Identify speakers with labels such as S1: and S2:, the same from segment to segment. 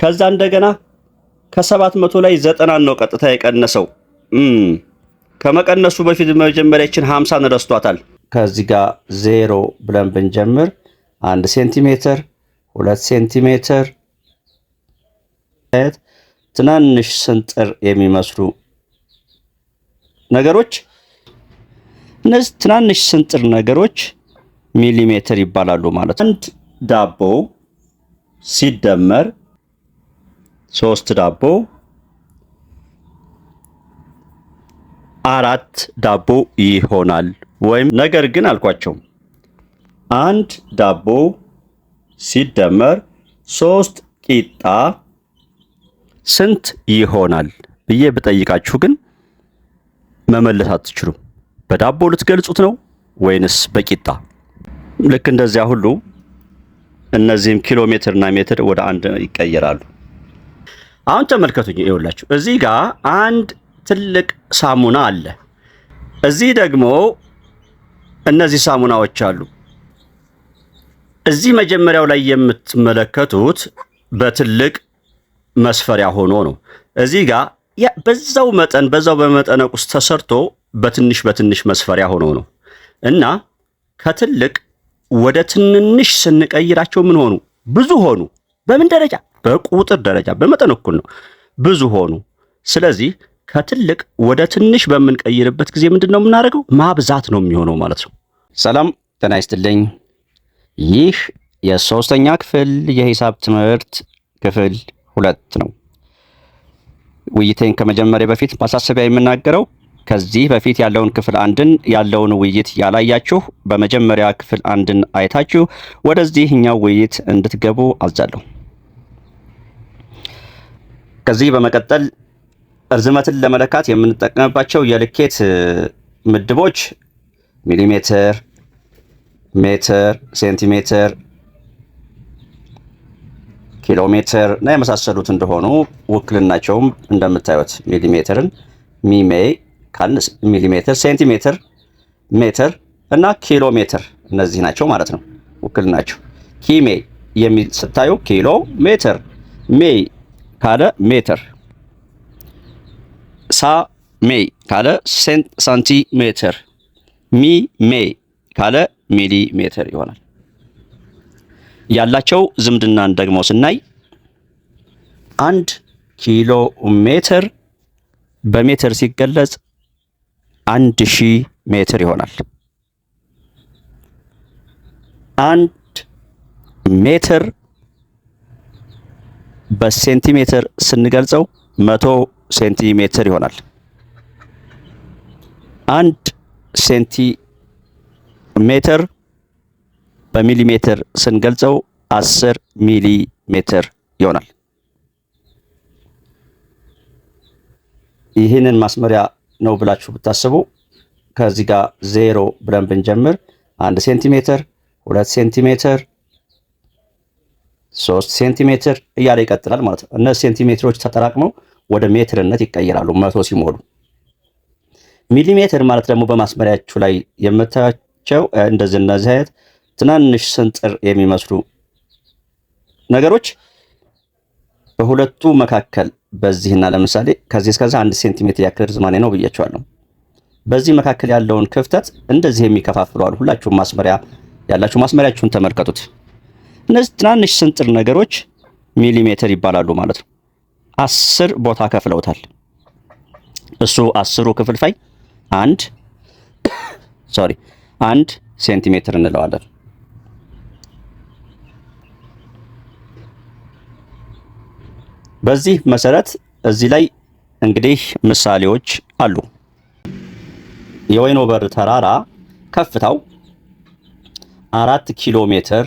S1: ከዛ እንደገና ከሰባት መቶ ላይ ዘጠናን ነው ቀጥታ የቀነሰው። ከመቀነሱ በፊት መጀመሪያችን ሀምሳን ረስቷታል።
S2: ከዚህ ጋር ዜሮ ብለን ብንጀምር አንድ ሴንቲሜትር፣ ሁለት ሴንቲሜትር ትናንሽ ስንጥር የሚመስሉ ነገሮች እነዚህ ትናንሽ ስንጥር ነገሮች ሚሊሜትር ይባላሉ ማለት ነው። አንድ ዳቦ ሲደመር ሶስት ዳቦ አራት ዳቦ ይሆናል። ወይም ነገር ግን አልኳቸው አንድ ዳቦ ሲደመር ሶስት ቂጣ ስንት ይሆናል ብዬ ብጠይቃችሁ ግን መመለስ አትችሉም። በዳቦ ልትገልጹት ነው ወይንስ በቂጣ? ልክ እንደዚያ ሁሉ እነዚህም ኪሎ ሜትርና ሜትር ወደ አንድ ይቀየራሉ።
S1: አሁን ተመልከቱኝ፣ ይኸውላችሁ እዚህ ጋር አንድ ትልቅ ሳሙና አለ። እዚህ ደግሞ እነዚህ ሳሙናዎች አሉ። እዚህ መጀመሪያው ላይ የምትመለከቱት በትልቅ መስፈሪያ ሆኖ ነው። እዚህ ጋር በዛው መጠን በዛው በመጠነ ቁስ ተሰርቶ በትንሽ በትንሽ መስፈሪያ ሆኖ ነው እና ከትልቅ ወደ ትንንሽ ስንቀይራቸው ምን ሆኑ? ብዙ ሆኑ። በምን ደረጃ በቁጥር ደረጃ በመጠን እኩል ነው፣ ብዙ ሆኑ። ስለዚህ ከትልቅ ወደ ትንሽ በምንቀይርበት ጊዜ ምንድን ነው የምናደርገው? ማብዛት ነው የሚሆነው ማለት ነው።
S2: ሰላም ጤና ይስጥልኝ። ይህ የሶስተኛ ክፍል የሂሳብ ትምህርት ክፍል ሁለት ነው። ውይይቴን ከመጀመሪያ በፊት ማሳሰቢያ የምናገረው ከዚህ በፊት ያለውን ክፍል አንድን ያለውን ውይይት ያላያችሁ በመጀመሪያ ክፍል አንድን አይታችሁ ወደዚህኛው ውይይት እንድትገቡ አዛለሁ። ከዚህ በመቀጠል እርዝመትን ለመለካት የምንጠቀምባቸው የልኬት ምድቦች ሚሊሜትር፣ ሜትር፣ ሴንቲሜትር፣ ኪሎ ሜትር እና የመሳሰሉት እንደሆኑ ውክልናቸውም እንደምታዩት ሚሊሜትርን ሚሜ ካልንስ ሚሊሜትር፣ ሴንቲሜትር፣ ሜትር እና ኪሎ ሜትር እነዚህ ናቸው ማለት ነው ውክልናቸው። ኪሜ የሚል ስታዩ ኪሎ ሜትር ሜይ ካለ ሜትር፣ ሳ ሜ ካለ ሳንቲሜትር፣ ሚ ሜ ካለ ሚሊ ሜትር ይሆናል። ያላቸው ዝምድናን ደግሞ ስናይ አንድ ኪሎ ሜትር በሜትር ሲገለጽ አንድ ሺህ ሜትር ይሆናል። አንድ ሜትር በሴንቲሜትር ስንገልጸው መቶ ሴንቲሜትር ይሆናል። አንድ ሴንቲሜትር በሚሊሜትር ስንገልጸው አስር ሚሊ ሜትር ይሆናል። ይህንን ማስመሪያ ነው ብላችሁ ብታስቡ ከዚህ ጋር ዜሮ ብለን ብንጀምር አንድ ሴንቲሜትር፣ ሁለት ሴንቲሜትር ሶስት ሴንቲሜትር እያለ ይቀጥላል ማለት ነው። እነዚህ ሴንቲሜትሮች ተጠራቅመው ወደ ሜትርነት ይቀየራሉ መቶ ሲሞሉ። ሚሊሜትር ማለት ደግሞ በማስመሪያችሁ ላይ የምታያቸው እንደዚህ እነዚህ አይነት ትናንሽ ስንጥር የሚመስሉ ነገሮች በሁለቱ መካከል በዚህና ለምሳሌ ከዚህ እስከዛ አንድ ሴንቲሜትር ያክል ርዝማኔ ነው ብያቸዋለሁ። በዚህ መካከል ያለውን ክፍተት እንደዚህ የሚከፋፍሉ አሉ። ሁላችሁም ማስመሪያ ያላችሁ ማስመሪያችሁን ተመልከቱት። እነዚህ ትናንሽ ስንጥር ነገሮች ሚሊሜትር ይባላሉ ማለት ነው። አስር ቦታ ከፍለውታል። እሱ አስሩ ክፍልፋይ አንድ ሶሪ አንድ ሴንቲሜትር እንለዋለን። በዚህ መሰረት እዚህ ላይ እንግዲህ ምሳሌዎች አሉ። የወይኖ በር ተራራ ከፍታው አራት ኪሎ ሜትር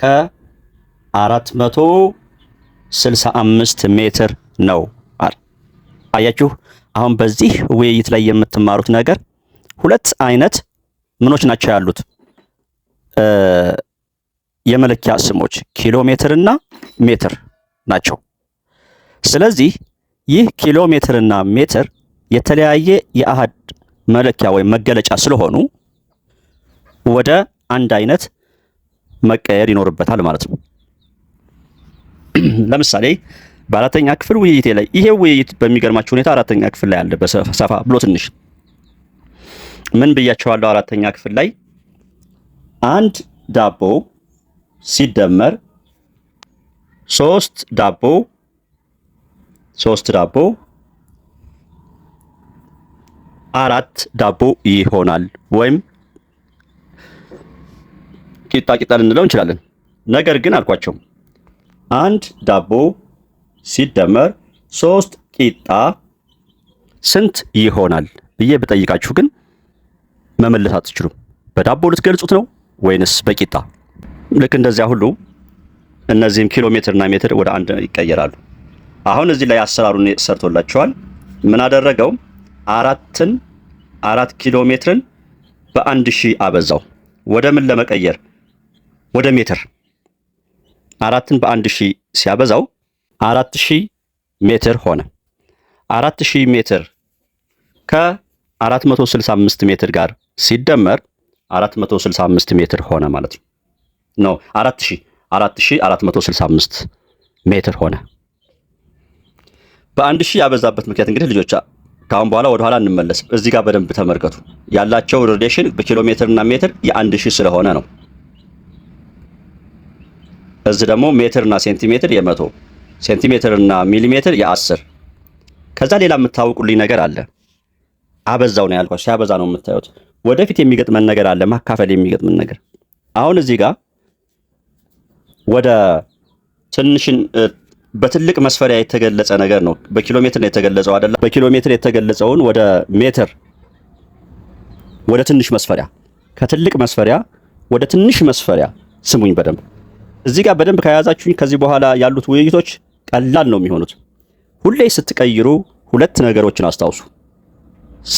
S2: ከ465 ሜትር ነው አለ። አያችሁ አሁን በዚህ ውይይት ላይ የምትማሩት ነገር ሁለት አይነት ምኖች ናቸው ያሉት የመለኪያ ስሞች ኪሎ ሜትርና ሜትር ናቸው። ስለዚህ ይህ ኪሎ ሜትርና ሜትር የተለያየ የአሃድ መለኪያ ወይም መገለጫ ስለሆኑ ወደ አንድ አይነት መቀየር ይኖርበታል ማለት ነው። ለምሳሌ በአራተኛ ክፍል ውይይቴ ላይ ይሄ ውይይት በሚገርማችሁ ሁኔታ አራተኛ ክፍል ላይ አለ በሰፋ ብሎ ትንሽ ምን ብያቸዋለሁ? አራተኛ ክፍል ላይ አንድ ዳቦ ሲደመር ሶስት ዳቦ ሶስት ዳቦ አራት ዳቦ ይሆናል ወይም ቂጣ ቂጣ ልንለው እንችላለን። ነገር ግን አልኳቸው አንድ ዳቦ ሲደመር ሶስት ቂጣ ስንት ይሆናል ብዬ ብጠይቃችሁ ግን መመለስ አትችሉም። በዳቦ ልትገልጹት ነው ወይንስ በቂጣ? ልክ እንደዚያ ሁሉ እነዚህም ኪሎ ሜትርና ሜትር ወደ አንድ ይቀየራሉ። አሁን እዚህ ላይ አሰራሩን ሰርቶላቸዋል። ምን አደረገው? አራትን አራት ኪሎ ሜትርን በአንድ ሺህ አበዛው። ወደ ምን ለመቀየር ወደ ሜትር አራትን በአንድ ሺህ ሲያበዛው አራት ሺህ ሜትር ሆነ። አራት ሺህ ሜትር ከ465 ሜትር ጋር ሲደመር 465 ሜትር ሆነ ማለት ነው። ኖ 4000 4465 ሜትር ሆነ። በአንድ ሺህ ያበዛበት ምክንያት እንግዲህ ልጆች ከአሁን በኋላ ወደኋላ እንመለስ እዚህ ጋር በደንብ ተመልከቱ። ያላቸው ሬዲሽን በኪሎ ሜትርና ሜትር የአንድ ሺህ ስለሆነ ነው። እዚህ ደግሞ ሜትርና ሴንቲሜትር የመቶ ሴንቲሜትርና ሚሊሜትር የአስር ከዛ ሌላ የምታውቁልኝ ነገር አለ። አበዛው ነው ያልኳችሁ። ሲያበዛ ነው የምታዩት። ወደፊት የሚገጥመን ነገር አለ፣ ማካፈል የሚገጥመን ነገር። አሁን እዚህ ጋር ወደ ትንሽን በትልቅ መስፈሪያ የተገለጸ ነገር ነው። በኪሎ ሜትር ነው የተገለጸው አይደለ? በኪሎ ሜትር የተገለጸውን ወደ ሜትር ወደ ትንሽ መስፈሪያ ከትልቅ መስፈሪያ ወደ ትንሽ መስፈሪያ ስሙኝ በደንብ እዚህ ጋር በደንብ ከያዛችሁኝ ከዚህ በኋላ ያሉት ውይይቶች ቀላል ነው የሚሆኑት። ሁሌ ስትቀይሩ ሁለት ነገሮችን አስታውሱ።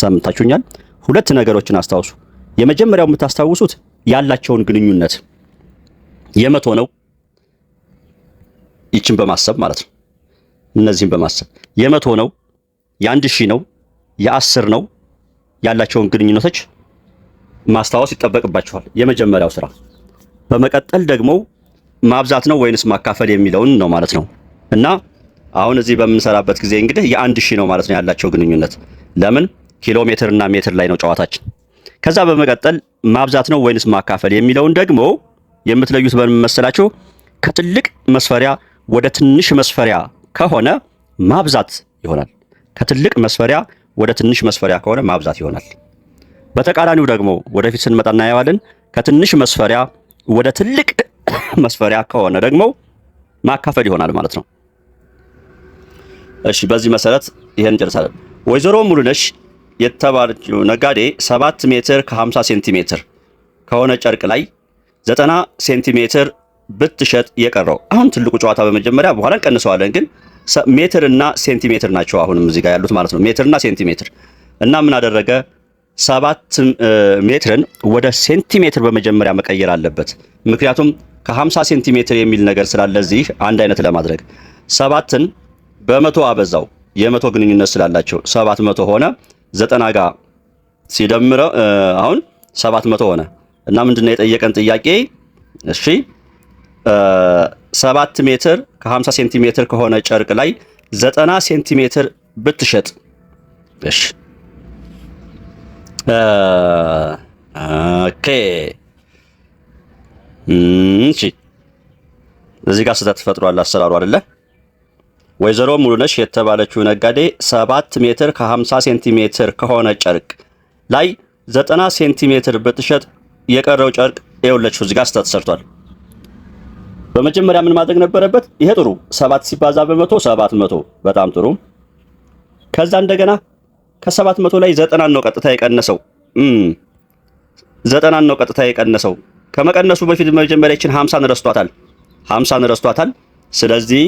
S2: ሰምታችሁኛል? ሁለት ነገሮችን አስታውሱ። የመጀመሪያው የምታስታውሱት ያላቸውን ግንኙነት የመቶ ነው። ይችን በማሰብ ማለት ነው። እነዚህን በማሰብ የመቶ ነው፣ የአንድ ሺህ ነው፣ የአስር ነው ያላቸውን ግንኙነቶች ማስታወስ ይጠበቅባችኋል። የመጀመሪያው ስራ። በመቀጠል ደግሞ ማብዛት ነው ወይንስ ማካፈል የሚለውን ነው ማለት ነው። እና አሁን እዚህ በምንሰራበት ጊዜ እንግዲህ የአንድ ሺህ ነው ማለት ነው ያላቸው ግንኙነት። ለምን ኪሎ ሜትር እና ሜትር ላይ ነው ጨዋታችን። ከዛ በመቀጠል ማብዛት ነው ወይንስ ማካፈል የሚለውን ደግሞ የምትለዩት በመመሰላቸው ከትልቅ መስፈሪያ ወደ ትንሽ መስፈሪያ ከሆነ ማብዛት ይሆናል። ከትልቅ መስፈሪያ ወደ ትንሽ መስፈሪያ ከሆነ ማብዛት ይሆናል። በተቃራኒው ደግሞ ወደፊት ስንመጣ እናየዋለን። ከትንሽ መስፈሪያ ወደ ትልቅ መስፈሪያ ከሆነ ደግሞ ማካፈል ይሆናል ማለት ነው። እሺ በዚህ መሰረት ይሄን እንጨርሳለን። ወይዘሮ ሙሉነሽ የተባለችው ነጋዴ 7 ሜትር ከ50 ሴንቲሜትር ከሆነ ጨርቅ ላይ 90 ሴንቲሜትር ብትሸጥ የቀረው አሁን ትልቁ ጨዋታ በመጀመሪያ በኋላ እንቀንሰዋለን፣ ግን ሜትርና ሴንቲሜትር ናቸው አሁንም እዚህ ጋር ያሉት ማለት ነው። ሜትርና ሴንቲሜትር እና ምን አደረገ ሰባት ሜትርን ወደ ሴንቲሜትር በመጀመሪያ መቀየር አለበት። ምክንያቱም ከ50 ሴንቲሜትር የሚል ነገር ስላለ እዚህ አንድ አይነት ለማድረግ ሰባትን በመቶ አበዛው የመቶ ግንኙነት ስላላቸው ሰባት መቶ ሆነ። ዘጠና ጋ ሲደምረው አሁን ሰባት መቶ ሆነ እና ምንድነው የጠየቀን ጥያቄ? እሺ ሰባት ሜትር ከ50 ሴንቲሜትር ከሆነ ጨርቅ ላይ ዘጠና ሴንቲሜትር ብትሸጥ እሺ ኦኬ። እሺ እዚህ ጋር ስህተት ፈጥሯል አሰራሩ አይደለ? ወይዘሮ ሙሉነሽ የተባለችው ነጋዴ 7 ሜትር ከ50 ሴንቲሜትር ከሆነ ጨርቅ ላይ 90 ሴንቲሜትር ብትሸጥ የቀረው ጨርቅ ይኸውለችው እዚህ ጋር ስህተት ሰርቷል። በመጀመሪያ ምን ማድረግ ነበረበት? ይሄ ጥሩ 7 ሲባዛ በመቶ 700 በጣም ጥሩ። ከዛ እንደገና ከሰባት መቶ ላይ ዘጠናን ነው ቀጥታ የቀነሰው። ዘጠናን ነው ቀጥታ የቀነሰው። ከመቀነሱ በፊት መጀመሪያችን ሀምሳን ረስቷታል። ሀምሳን ረስቷታል። ስለዚህ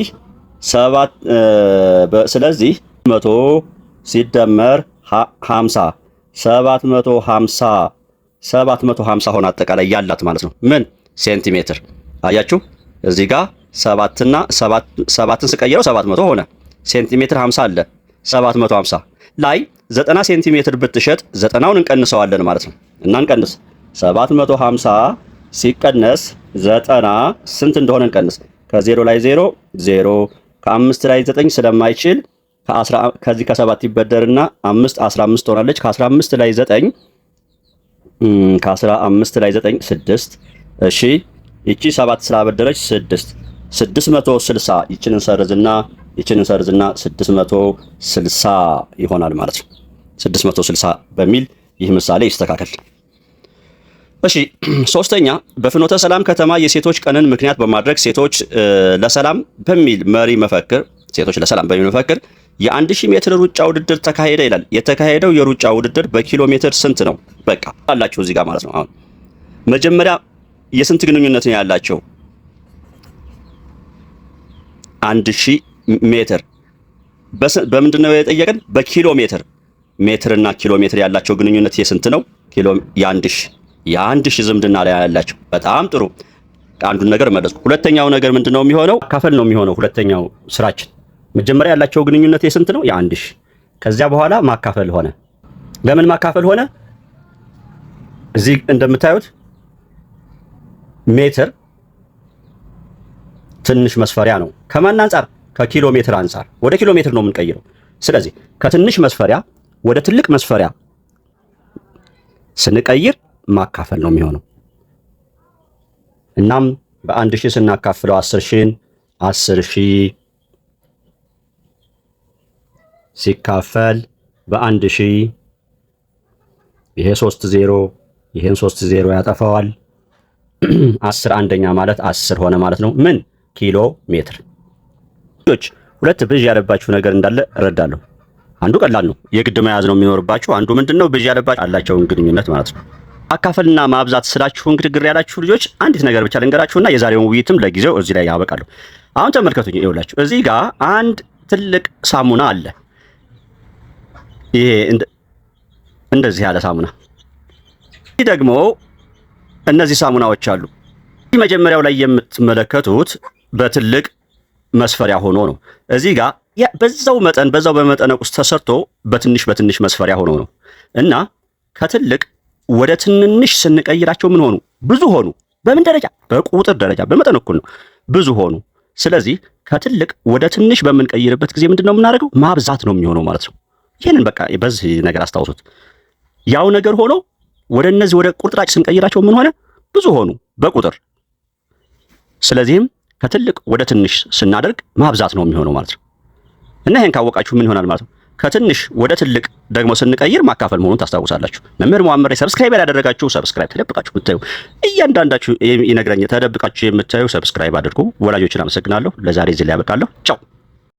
S2: ስለዚህ መቶ ሲደመር ሀምሳ ሰባት መቶ ሀምሳ ሰባት መቶ ሀምሳ ሆነ አጠቃላይ ያላት ማለት ነው። ምን ሴንቲሜትር አያችሁ እዚህ ጋር ሰባትና ሰባትን ስቀየረው ሰባት መቶ ሆነ። ሴንቲሜትር ሀምሳ አለ ሰባት መቶ ሀምሳ ላይ ዘጠና ሴንቲሜትር ብትሸጥ ዘጠናውን እንቀንሰዋለን ማለት ነው እና እንቀንስ 750 ሲቀነስ ዘጠና ስንት እንደሆነ እንቀንስ። ከዜሮ ላይ ዜሮ ዜሮ ከአምስት ላይ ዘጠኝ ስለማይችል ከዚህ ከሰባት ይበደርና አምስት 15 አምስት ትሆናለች። ከአስራ አምስት ላይ ዘጠኝ ከአስራ አምስት ላይ ዘጠኝ ስድስት እሺ ይቺ ሰባት ስላበደረች ስድስት ስድስት መቶ ስልሳ ይችን እንሰርዝና ይችን እንሰርዝና ስድስት መቶ ስልሳ ይሆናል ማለት ነው። 660 በሚል ይህ ምሳሌ ይስተካከል። እሺ ሶስተኛ በፍኖተ ሰላም ከተማ የሴቶች ቀንን ምክንያት በማድረግ ሴቶች ለሰላም በሚል መሪ መፈክር ሴቶች ለሰላም በሚል መፈክር የአንድ ሺህ ሜትር ሩጫ ውድድር ተካሄደ ይላል። የተካሄደው የሩጫ ውድድር በኪሎ ሜትር ስንት ነው? በቃ አላችሁ እዚህ ጋር ማለት ነው። አሁን መጀመሪያ የስንት ግንኙነት ነው ያላቸው? አንድ ሺህ ሜትር በምንድን ነው የጠየቀን? በኪሎ ሜትር ሜትርና ኪሎ ሜትር ያላቸው ግንኙነት የስንት ነው? ኪሎ የአንድ ሺ የአንድ ሺ ዝምድና ላይ ያላቸው። በጣም ጥሩ አንዱን ነገር መለስ። ሁለተኛው ነገር ምንድን ነው የሚሆነው? ከፈል ነው የሚሆነው። ሁለተኛው ስራችን መጀመሪያ ያላቸው ግንኙነት የስንት ነው? የአንድ ሺ ከዚያ በኋላ ማካፈል ሆነ። ለምን ማካፈል ሆነ? እዚህ እንደምታዩት ሜትር ትንሽ መስፈሪያ ነው። ከማን አንጻር? ከኪሎ ሜትር አንጻር ወደ ኪሎ ሜትር ነው የምንቀይረው። ስለዚህ ከትንሽ መስፈሪያ ወደ ትልቅ መስፈሪያ ስንቀይር ማካፈል ነው የሚሆነው። እናም በአንድ ሺህ ስናካፍለው አስር ሺህን አስር ሺህ ሲካፈል በአንድ ሺህ ይሄ ሶስት ዜሮ ይሄን ሶስት ዜሮ ያጠፋዋል። አስር አንደኛ ማለት አስር ሆነ ማለት ነው። ምን ኪሎ ሜትር። ሁለት ብዥ ያለባችሁ ነገር እንዳለ እረዳለሁ። አንዱ ቀላል ነው፣ የግድ መያዝ ነው የሚኖርባችሁ። አንዱ ምንድነው ብዥ ያለባችሁ አላቸውን ግንኙነት ማለት ነው። አካፈልና ማብዛት ስላችሁ እንግዲህ ግር ያላችሁ ልጆች አንዲት ነገር ብቻ ልንገራችሁና የዛሬውን ውይይትም ለጊዜው እዚህ ላይ ያበቃለሁ። አሁን ተመልከቱኝ፣ ይኸውላችሁ እዚህ ጋር አንድ ትልቅ ሳሙና አለ። ይሄ እንደዚህ ያለ ሳሙና፣ ይህ ደግሞ እነዚህ ሳሙናዎች አሉ። መጀመሪያው ላይ የምትመለከቱት በትልቅ መስፈሪያ ሆኖ ነው እዚህ ጋር በዛው መጠን በዛው በመጠነ ቁስ ተሰርቶ በትንሽ በትንሽ መስፈሪያ ሆኖ ነው እና ከትልቅ ወደ ትንንሽ ስንቀይራቸው ምን ሆኑ? ብዙ ሆኑ። በምን ደረጃ? በቁጥር ደረጃ በመጠን እኩል ነው፣ ብዙ ሆኑ። ስለዚህ ከትልቅ ወደ ትንሽ በምንቀይርበት ጊዜ ምንድን ነው የምናደርገው? ማብዛት ነው የሚሆነው ማለት ነው። ይህንን በቃ በዚህ ነገር አስታውሱት። ያው ነገር ሆኖ ወደ እነዚህ ወደ ቁርጥራጭ ስንቀይራቸው ምን ሆነ? ብዙ ሆኑ በቁጥር። ስለዚህም ከትልቅ ወደ ትንሽ ስናደርግ ማብዛት ነው የሚሆነው ማለት ነው። እና ይሄን ካወቃችሁ ምን ይሆናል ማለት ነው። ከትንሽ ወደ ትልቅ ደግሞ ስንቀይር ማካፈል መሆኑን ታስታውሳላችሁ። መምህር መዋመር ሰብስክራይብ ያላደረጋችሁ ሰብስክራይብ ተደብቃችሁ የምታዩ እያንዳንዳችሁ ይነግረኝ። ተደብቃችሁ የምታዩ ሰብስክራይብ አድርጉ። ወላጆችን አመሰግናለሁ። ለዛሬ እዚህ ላይ ያበቃለሁ። ቻው